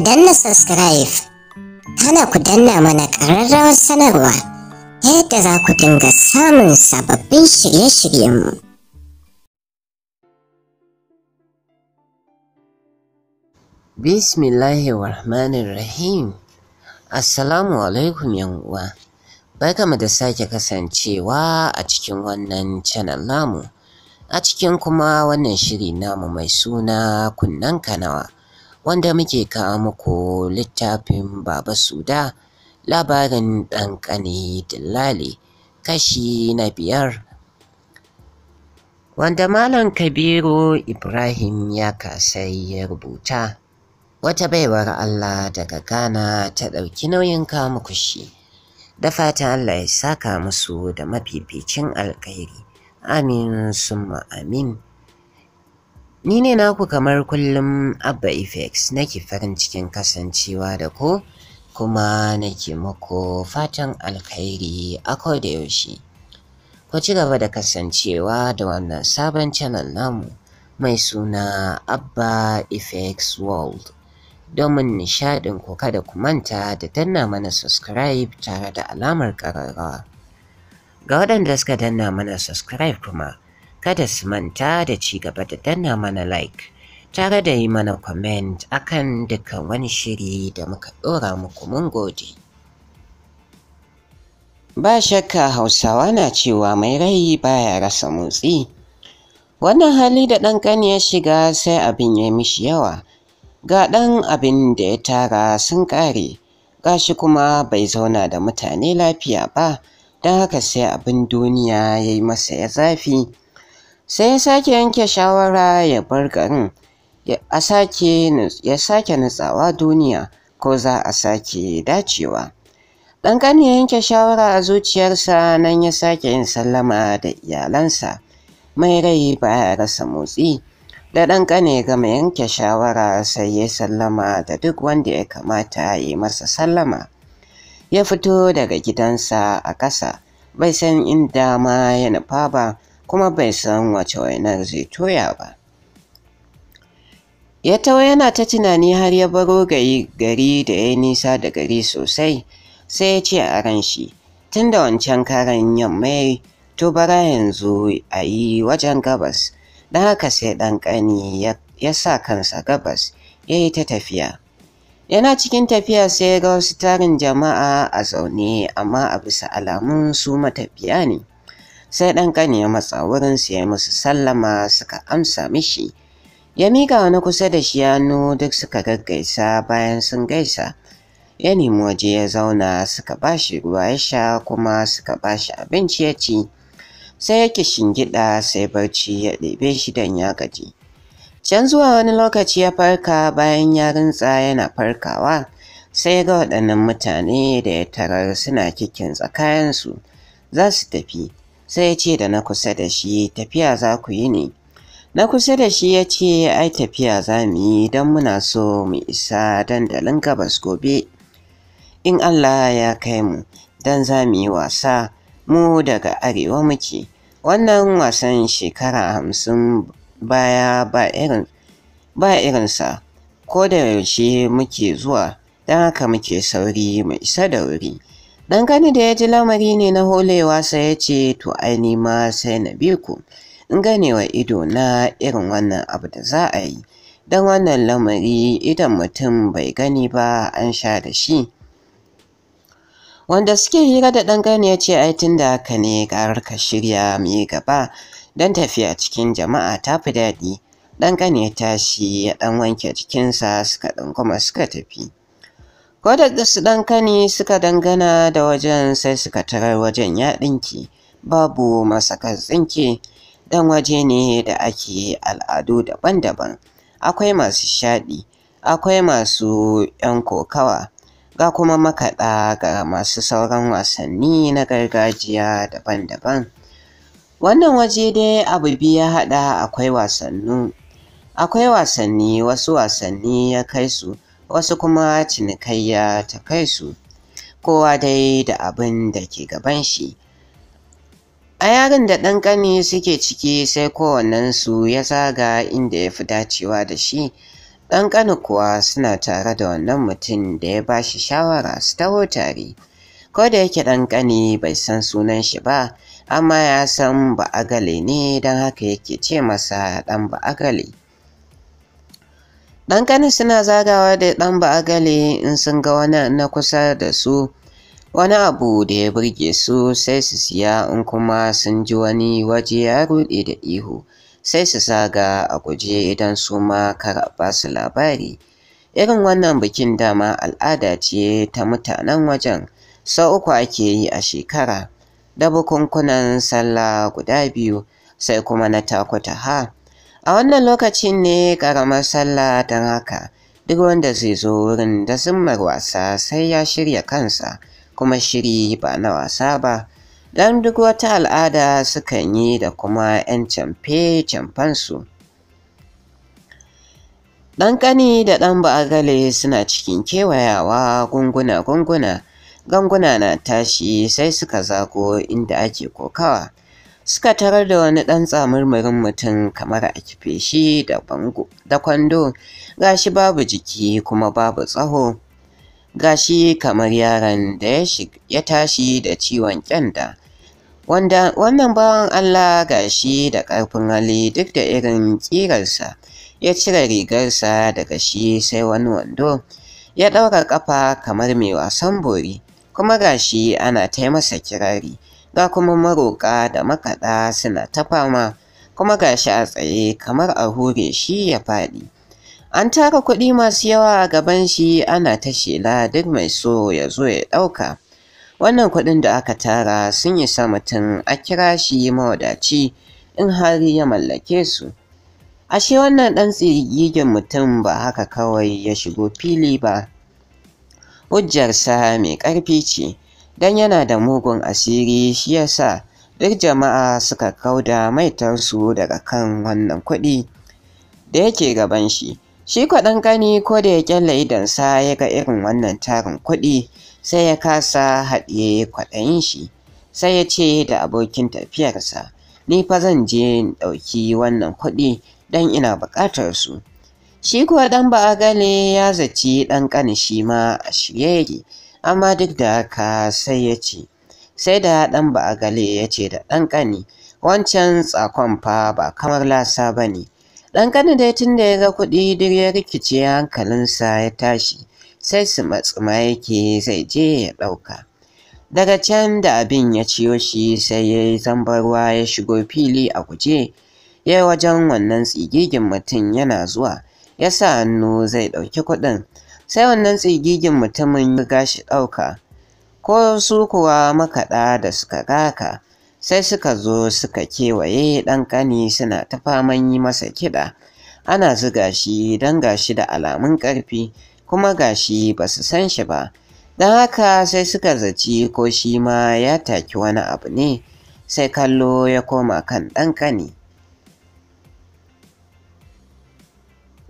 Idan danna subscribe hana ku danna mana ƙararrawar sanarwa yadda za ku dinga samun sababbin shirye-shiryenmu. rahim Assalamu alaikum uwa. barkamu da sake kasancewa a cikin wannan channel namu a cikin kuma wannan shiri namu mai suna kunnan kanawa. wanda muke kawo muku littafin Baba Suda labarin ɗanƙani Dillali kashi na biyar wanda Malam Kabiru Ibrahim ya kasai ya rubuta wata baiwar Allah daga Ghana ta ɗauki nauyin kawo muku shi da fatan Allah ya saka musu da mafificin alkhairi amin summa amin. Ni ne naku kamar kullum Abba Effects nake farin cikin kasancewa da ku kuma nake muku fatan alkhairi a da yaushe. Ku ci gaba da kasancewa da wannan sabon channel namu mai suna Abba Effects World. Domin nishaɗin ku kada ku manta da danna mana subscribe tare da alamar ƙararrawa. Ga waɗanda suka danna mana subscribe kuma. kada su manta da ci gaba da danna mana like tare da yi mana comment akan dukkan wani shiri da muka ɗora muku mun gode. Ba shakka Hausawa na cewa mai rai baya rasa motsi. Wannan hali da ɗan kan ya shiga sai abin ya mishi yawa. Ga ɗan abin da ya tara sun ƙare, gashi kuma bai zauna da mutane lafiya ba, don haka sai abin duniya ya yi masa ya zafi. sai ya sake yanke shawara ya bar garin ya sake nutsawa duniya ko za a sake dacewa ɗan ƙani ya yanke shawara a zuciyarsa nan ya sake yin sallama da iyalansa mai rai baya rasa motsi da ɗan ƙane gama yanke shawara sai ya sallama da duk wanda ya kamata ya masa sallama ya fito daga gidansa a ƙasa bai san inda ma ya nufa ba kuma bai san wace wainar zai toya ba ya tawo yana ta tunani har ya baro gari da ya nisa da gari sosai sai ya ce a ran shi tun da wancan karan yamma to bara yanzu a yi wajen gabas don haka sai ɗan ƙani ya sa kansa gabas ya yi ta tafiya yana cikin tafiya sai ga wasu tarin jama'a a zaune amma a bisa alamun su matafiya ne sai ɗan ƙani ya matsa wurin su ya musu sallama suka amsa mishi ya miƙa wani kusa da shi hannu duk suka gaggaisa bayan sun gaisa ya nemi waje ya zauna suka bashi ruwa ya sha kuma suka bashi abinci ya ci sai yake shingiɗa sai barci ya ɗebe shi don ya gaji can zuwa wani lokaci ya farka bayan ya rintsa yana farkawa sai ga waɗannan mutane da ya tarar suna kikin tsakayensu za su tafi sai ya ce da na kusa da shi tafiya za ku yi ne na kusa da shi ya ce ai tafiya za mu yi don muna so mu isa dandalin gabas gobe in allah ya kai mu don za mu yi wasa mu daga arewa muke wannan wasan shekara hamsin baya ba irin ba irinsa ko da yaushe muke zuwa don haka muke sauri mu isa da wuri Dan da ya ji lamari ne na holewa sai ya ce to ai ni ma sai na bi ku. In ganewa ido na irin wannan abu da za a yi. Dan wannan lamari idan mutum bai gani ba an sha da shi. Wanda suke hira da ɗan ya ce ai tun da haka ne ƙarar ka shirya mu yi gaba don tafiya cikin jama'a ta fi daɗi. Ɗan ya tashi ya ɗan wanke jikinsa suka ɗan kuma suka tafi. ko da su ɗan kani suka dangana da wajen sai suka tarar wajen ya ɗinki babu masakar tsinki dan waje ne da ake al'adu daban-daban akwai masu shaɗi akwai masu 'yan kokawa ga kuma makaɗa ga masu sauran wasanni na gargajiya daban-daban wannan waje dai abu biyu ya haɗa akwai wasannin, akwai wasanni wasu wasanni ya kai su wasu kuma cinikayya ta kai su kowa dai da abin da ke gaban shi a yarin da ɗan ƙani suke ciki sai kowannensu ya zaga inda ya fi dacewa da shi ɗan ƙani kuwa suna tare da wannan mutum da ya ba shi shawara su taho tare ko da yake ɗan ƙani bai san sunan shi ba amma ya san ba'agale ne don haka yake ce masa ɗan ba'agale ɗan ƙanin suna zagawa da ɗan ba'agale in sun ga wani na kusa da su wani abu da ya burge su sai su siya in kuma sun ji wani waje ya ruɗe da ihu sai su zaga a guje idan su ma kara su labari irin wannan bikin dama al'ada ce ta mutanen wajen sau uku ake yi a shekara da bukunkunan sallah guda biyu sai kuma na takuta ha A wannan lokacin ne ƙaramar sallah don haka, duk wanda zai zo wurin da zimmar wasa sai ya shirya kansa, kuma shiri ba na wasa ba. Don duk wata al'ada sukan yi da kuma 'yan camfe su. Ɗan ƙani da ɗan ba'agale suna cikin kewayawa gunguna-gunguna, ganguna na tashi sai suka zago inda ake kokawa. suka tarar da wani ɗan tsamurmurin mutum kamar a kife shi da bango da kwando gashi babu jiki kuma babu tsaho gashi kamar yaran da ya tashi da ciwon kyanda wanda wannan bawan Allah gashi da ƙarfin hali duk da irin ƙirarsa ya cire rigarsa daga shi sai wani wando ya ɗaura ƙafa kamar mai wasan bori kuma gashi ana ta masa kirari ga kuma maroƙa da makaɗa suna ta fama kuma ga shi a tsaye kamar a hure shi ya faɗi. An tara kuɗi masu yawa a gaban shi ana ta shela duk mai so ya zo ya ɗauka. Wannan kuɗin da aka tara sun yi sa mutum a kira shi mawadaci in har ya mallake su. Ashe wannan ɗan tsigigin mutum ba haka kawai ya shigo fili ba. Hujjarsa mai ƙarfi ce. don yana da mugun asiri shi yasa duk jama'a suka kauda maitarsu daga kan wannan kuɗi da yake gaban shi shi kwaɗan ƙani ko da ya kyalla idansa ya ga irin wannan tarin kuɗi sai ya kasa haɗiye kwaɗayin shi sai ya ce da abokin tafiyarsa ni fa zan je in ɗauki wannan kuɗi don ina buƙatar su. Shi kuwa ɗan gane ya zaci ɗan ƙani shi ma a shirye amma duk da haka sai ya ce sai da ɗan ba a gale ya ce da ɗan ƙani wancan tsakon fa ba kamar lasa ba ne ɗan ƙani dai tun da ya ga kuɗi duk ya rikice hankalinsa ya tashi sai su matsuma yake zai je ya ɗauka daga can da abin ya ciyo shi sai ya yi zambarwa ya shigo fili a guje ya wajen wannan tsigigin mutum yana zuwa ya sa hannu zai ɗauki kuɗin sai wannan tsigigin mutumin ya gashi ɗauka ko su kuwa makaɗa da suka gaka, sai suka zo suka kewaye ɗan ƙani suna ta faman yi masa kiɗa ana zuga shi don gashi da alamun ƙarfi kuma gashi ba su san shi ba don haka sai suka zaci ko shi ma ya taki wani abu ne sai kallo ya koma kan ɗan ƙani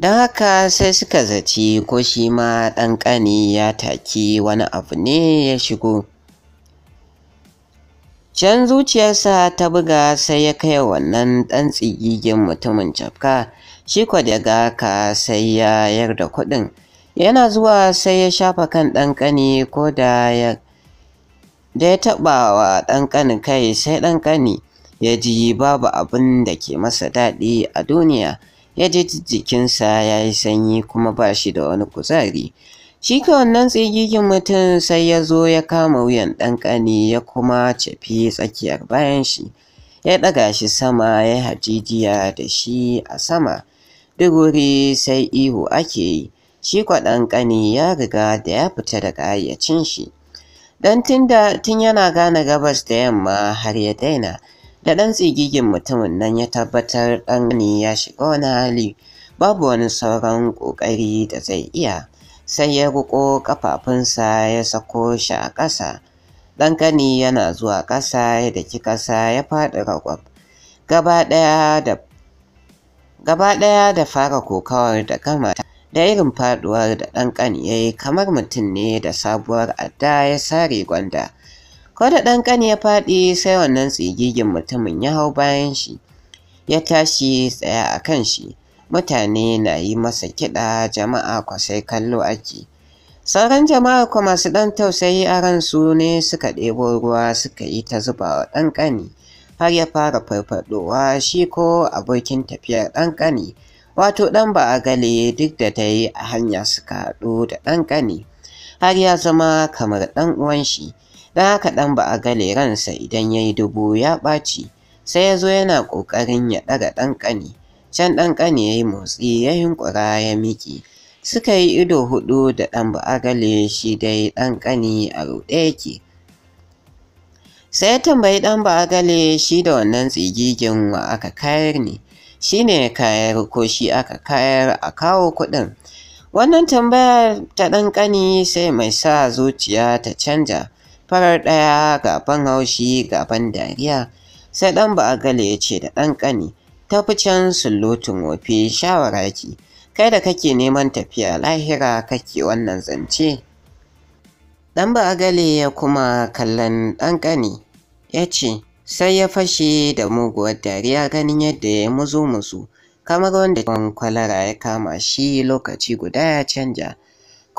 don haka sai suka zaci ko shi ma ɗan ƙani ya taki wani abu ne ya shigo can zuciyarsa ta buga sai ya kai wannan ɗan tsigigin mutumin cafka shi kwa daga ka sai ya yarda kuɗin yana zuwa sai ya shafa kan ɗan ƙani ko da ya da ya taɓa wa ɗan ƙani kai sai ɗan ƙani ya ji babu abin da ke masa daɗi a duniya ya ji jikinsa ya yi sanyi kuma ba shi da wani kuzari shi ka wannan tsigigin mutum sai ya zo ya kama wuyan ɗanƙani ya kuma cafi tsakiyar bayan shi ya ɗaga shi sama ya hajijiya da shi a sama duk wuri sai ihu ake yi shi kwaɗan ƙani ya riga da ya fita daga hayyacin shi don tun yana gane gabas da yamma har ya daina da ɗan tsigigin mutumin nan ya tabbatar ɗan gani ya shiga wani hali babu wani sauran ƙoƙari da zai iya sai ya riƙo ƙafafunsa ya sako shi a ƙasa ɗan gani yana zuwa ƙasa ya daki ƙasa ya faɗi ragwab gaba ɗaya da fara kokawar da kamata da irin faɗuwar da ɗan ƙani ya kamar mutum ne da sabuwar adda ya sare gwanda ko da ɗan ƙani ya faɗi sai wannan tsigigin mutumin ya hau bayan shi ya tashi tsaya a kan shi mutane na yi masa kiɗa jama'a kwasai kallo ake sauran jama'a kuma masu ɗan tausayi a ransu ne suka ɗebo ruwa suka yi ta zuba wa ɗan ƙani har ya fara farfaɗowa shi ko abokin tafiyar ɗan ƙani wato ɗan ba a gale duk da dai a hanya suka haɗu da ɗan ƙani har ya zama kamar ɗan uwan shi Da haka ɗan ba a gale ransa idan ya yi dubu ya ɓaci sai ya zo yana ƙoƙarin ya ɗaga ɗan ƙani can ɗan ƙani ya yi motsi ya yunƙura ya miƙe suka yi ido huɗu da ɗan ba a gale shi dai ɗan ƙani a ruɗe yake sai ya tambayi ɗan ba a gale shi da wannan tsigigin wa aka kayar ne shi ne kayar ko shi aka kayar a kawo kuɗin wannan tambayar ta ɗan ƙani sai mai sa zuciya ta canja farar ɗaya gaban haushi gaban dariya sai ɗan ba gale ya ce da ɗan ƙani ta fi can sullutun wofi shawara ki kai da kake neman tafiya lahira kake wannan zance ɗan ba ya kuma kallon ɗan ƙani ya ce sai ya fashe da muguwar dariya ganin yadda ya muzu musu kamar wanda kwalara ya kama shi lokaci guda ya canja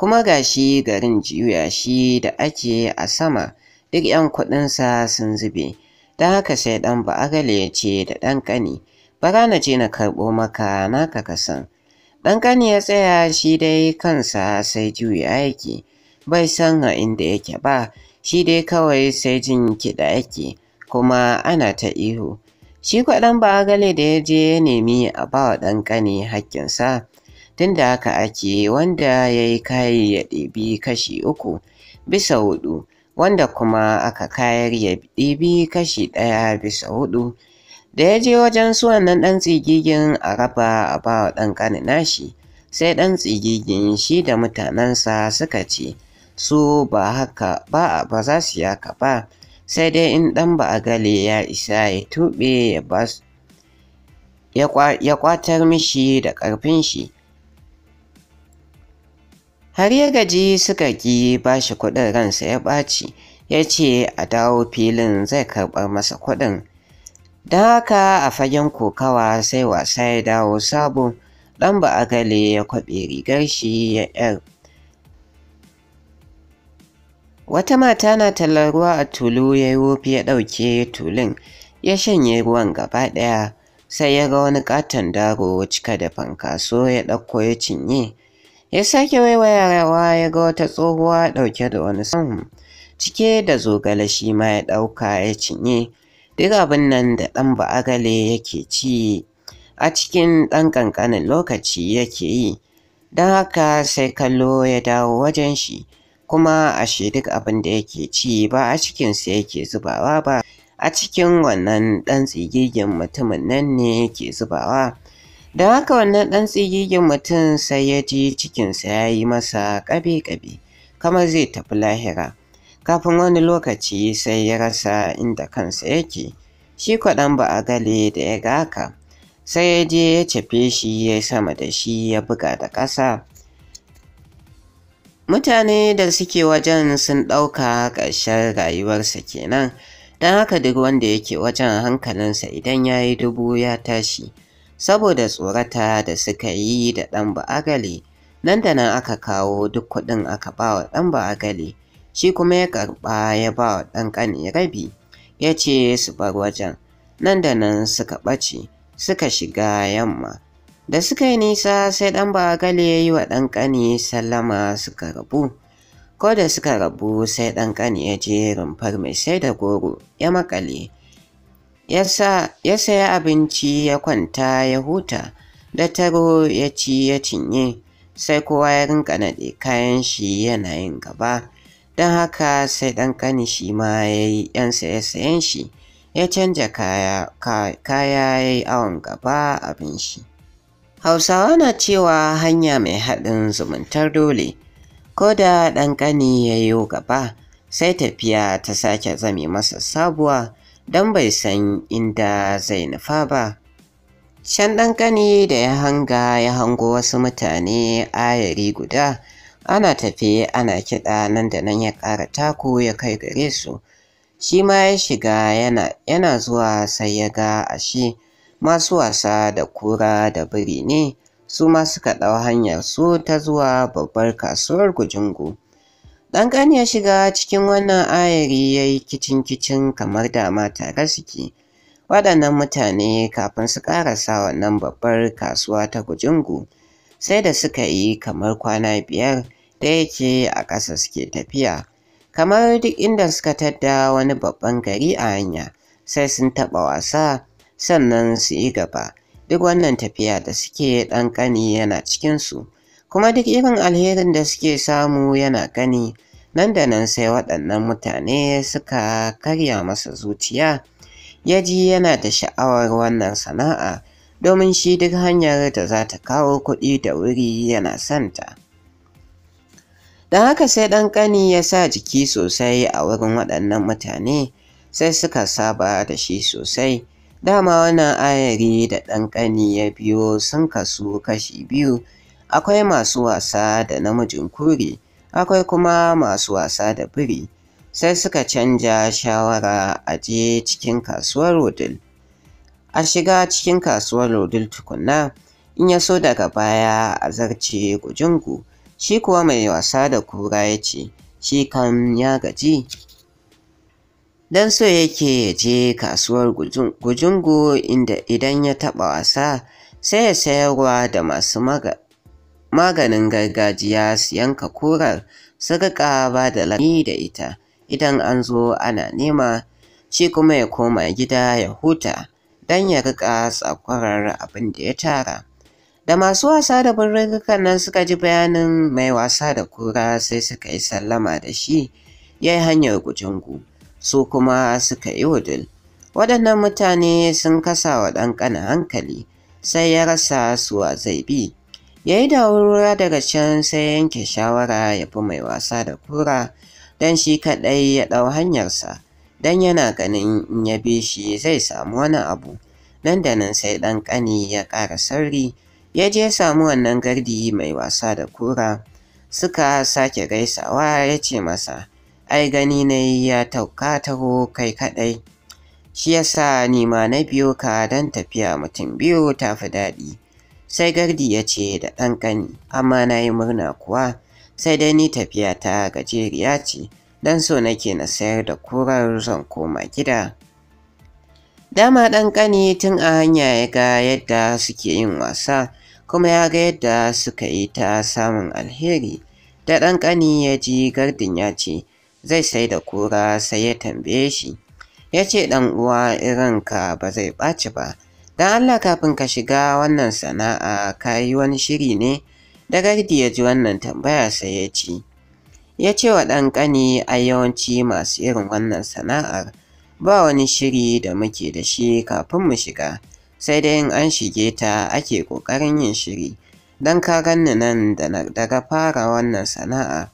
kuma ga shi garin juya shi da ake a sama duk 'yan kuɗinsa sun zube don haka sai ɗan ba'agale ya ce da ɗan ƙani bara na je na karɓo maka naka kasan ɗan ƙani ya tsaya shi dai kansa sai juya yake bai san a inda yake ba shi dai kawai sai jin kiɗa yake kuma ana ta ihu shi kwaɗan ba'agale da ya je ya nemi a bawa ɗan ƙani hakkinsa tunda haka ake wanda ya yi kayi ya ɗebi kashi uku bisa hudu wanda kuma aka kayar ya ɗebi kashi ɗaya bisa hudu da ya je wajen su nan ɗan tsigigin a raba a ba wa ɗan ƙani nashi sai ɗan tsigigin shi da mutanensa suka ce su ba haka ba ba za su yaka ba sai dai in ɗan ba a gale ya isa ya tuɓe ya kwatar mishi da ƙarfin shi har ya gaji suka ki ba shi kuɗin ransa ya ɓaci ya ce a dawo filin zai karɓar masa kuɗin don haka a fagen kokawa sai wasa ya dawo sabo ɗan ba a gale ya kwaɓe rigar shi ya ƴar. wata mata na tallar ruwa a tulu ya yi wofi ya ɗauke tulun ya shanye ruwan gaba ɗaya sai ya ga wani katon daro cika da fankaso ya ɗauko ya cinye ya sake waiwayawa ya ga wata tsohuwa ɗauke da wani sam cike da zogale shi ma ya ɗauka ya cinye duk abin nan da ɗan ba'agale yake ci a cikin ɗan ƙanƙanin lokaci yake yi don haka sai kallo ya dawo wajen shi kuma ashe duk abin da yake ci ba a cikinsa yake zubawa ba a cikin wannan ɗan tsigigin mutumin nan ne yake zubawa Don haka wannan ɗan tsigigin mutum sai ya ji cikinsa ya yi masa ƙabe-ƙabe, kamar zai tafi lahira. Kafin wani lokaci sai ya rasa inda kansa yake, shi kwaɗan ba a gale da ya ga haka. Sai ya je ya cefe shi ya sama da shi ya buga da ƙasa. Mutane da suke wajen sun ɗauka ƙarshen rayuwarsa kenan, don haka duk wanda yake wajen hankalinsa idan ya yi dubu ya tashi, saboda tsorata da suka yi da ɗan ba'agali, nan da nan aka kawo duk kuɗin aka ba wa ɗan ba'agali, shi kuma ya karɓa ya ba wa ɗan ƙani rabi ya ce su bar wajen nan da nan suka ɓace suka shiga yamma da suka yi nisa sai ɗan ba'agali ya yi wa ɗan ƙani sallama suka rabu ko da suka rabu sai ɗan ƙani ya je rumfar mai sai da goro ya maƙale ya saya abinci ya kwanta ya huta da taro ya ci ya cinye sai kowa ya rinka naɗe kayan shi yana yin gaba don haka sai ɗan ƙani shi ma ya yi ‘yan saye-sayen shi ya canja kaya ya yi awon gaba abin shi hausawa na cewa hanya mai haɗin zumuntar dole ko da ɗan ƙani ya yi gaba sai tafiya ta sake zame masa sabuwa don bai san inda zai nufa ba. Can ɗan ƙani da ya hanga ya hango wasu mutane ayari guda ana tafe ana kiɗa nan da nan ya ƙara taku ya kai gare su. Shi ma ya shiga yana, zuwa sai ya ga ashe masu wasa da kura da biri ne su ma suka ɗau hanyar su ta zuwa babbar kasuwar Gujungu. Ɗan ƙani ya shiga cikin wannan ayari ya yi kicin-kicin kamar dama tare suke. Waɗannan mutane kafin su ƙarasa wannan babbar kasuwa ta Gujungu sai da suka yi kamar kwana biyar da yake a ƙasa suke tafiya. Kamar duk inda suka tadda wani babban gari a hanya sai sun taɓa wasa sannan su yi gaba. Duk wannan tafiya da suke ɗan ƙani yana cikinsu. kuma duk irin alherin da suke samu yana gani nan da nan sai waɗannan mutane suka karya masa zuciya ya ji yana da sha'awar wannan sana'a domin shi duk hanyar da za ta kawo kuɗi da wuri yana santa. Da haka sai ɗan ƙani ya sa jiki sosai a wurin waɗannan mutane sai suka saba da shi sosai. Dama wannan ayari da ɗan ƙani ya biyo sun kasu kashi biyu. akwai masu wasa da namijin kuri, akwai kuma masu wasa da biri. Sai suka canja shawara a je cikin kasuwar Rodil. A shiga cikin kasuwar Rodil tukunna, in ya so daga baya a zarce gujungu, shi kuwa mai wasa da kura ya ce, shi kam ya gaji. don so yake ya je kasuwar gujungu inda idan ya taɓa wasa sai ya sayarwa da masu maganin gargajiya su yanka kurar su riƙa ba da lami da ita idan an zo ana nema shi kuma ya koma gida ya huta don ya riƙa tsakwarar abin da ya tara. Da masu wasa da birrikan nan suka ji bayanin mai wasa da kura sai suka yi sallama da shi ya yi hanyar gujungu, su kuma suka yi wudul. Waɗannan mutane sun kasa wa ɗan ƙana hankali sai ya rasa suwa zai bi. ya yi dawowa daga can sai yanke shawara ya fi mai wasa da kura don shi kaɗai ya ɗau hanyarsa don yana ganin in ya bi shi zai samu wani abu nan da nan sai ɗan ƙani ya ƙara sauri, ya je samu wannan gardi mai wasa da kura suka sake gaisawa ya ce masa ai gani ne ya tauka taho kai kaɗai shi yasa ni ma na biyo ka don tafiya mutum biyu ta fi daɗi sai gardi ya ce da ɗan ƙani amma na yi murna kuwa sai dai ni tafiya ta gajeriya ce don so nake na sayar da kurar zan koma gida dama ɗan ƙani tun a hanya ya ga yadda suke yin wasa kuma ya ga yadda suka yi ta samun alheri da ɗan ƙani ya ji gardin ya ce zai sai da kura sai ya tambaye shi ya ce uwa ka ba zai ɓaci ba Dan Allah kafin ka shiga wannan sana'a ka yi wani shiri ne? Da gardi ya ji wannan tambaya sai ya ci. Ya ce wa ɗan ƙani a yawanci masu irin wannan sana'ar ba wani shiri da muke da shi kafin mu shiga, sai dai in an shige ta ake ƙoƙarin yin shiri. dan ka ganni nan daga fara wannan sana'a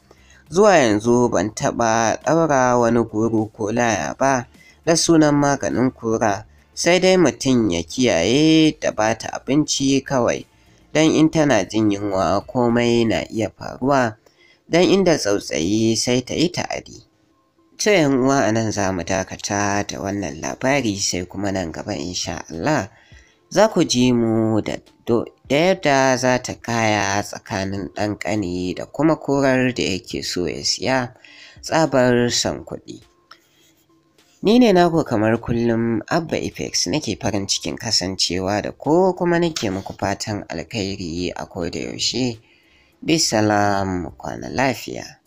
zuwa yanzu ban taɓa ɗaura wani guru ko laya ba da sunan maganin kura. sai dai mutum ya kiyaye da ba ta abinci kawai don in tana jin yunwa komai na iya faruwa don inda tsautsayi sai ta yi ta'adi. To uwa a nan za mu dakata da wannan labari sai kuma nan gaba insha Allah za ku ji mu da yadda za ta kaya tsakanin ɗan ƙani da kuma korar da yake so ya siya tsabar son kuɗi. Ni ne nako kamar kullum Abba Effects nake farin cikin kasancewa da ko kuma nake muku fatan alkhairi a koda yaushe. Bisalam kwana lafiya.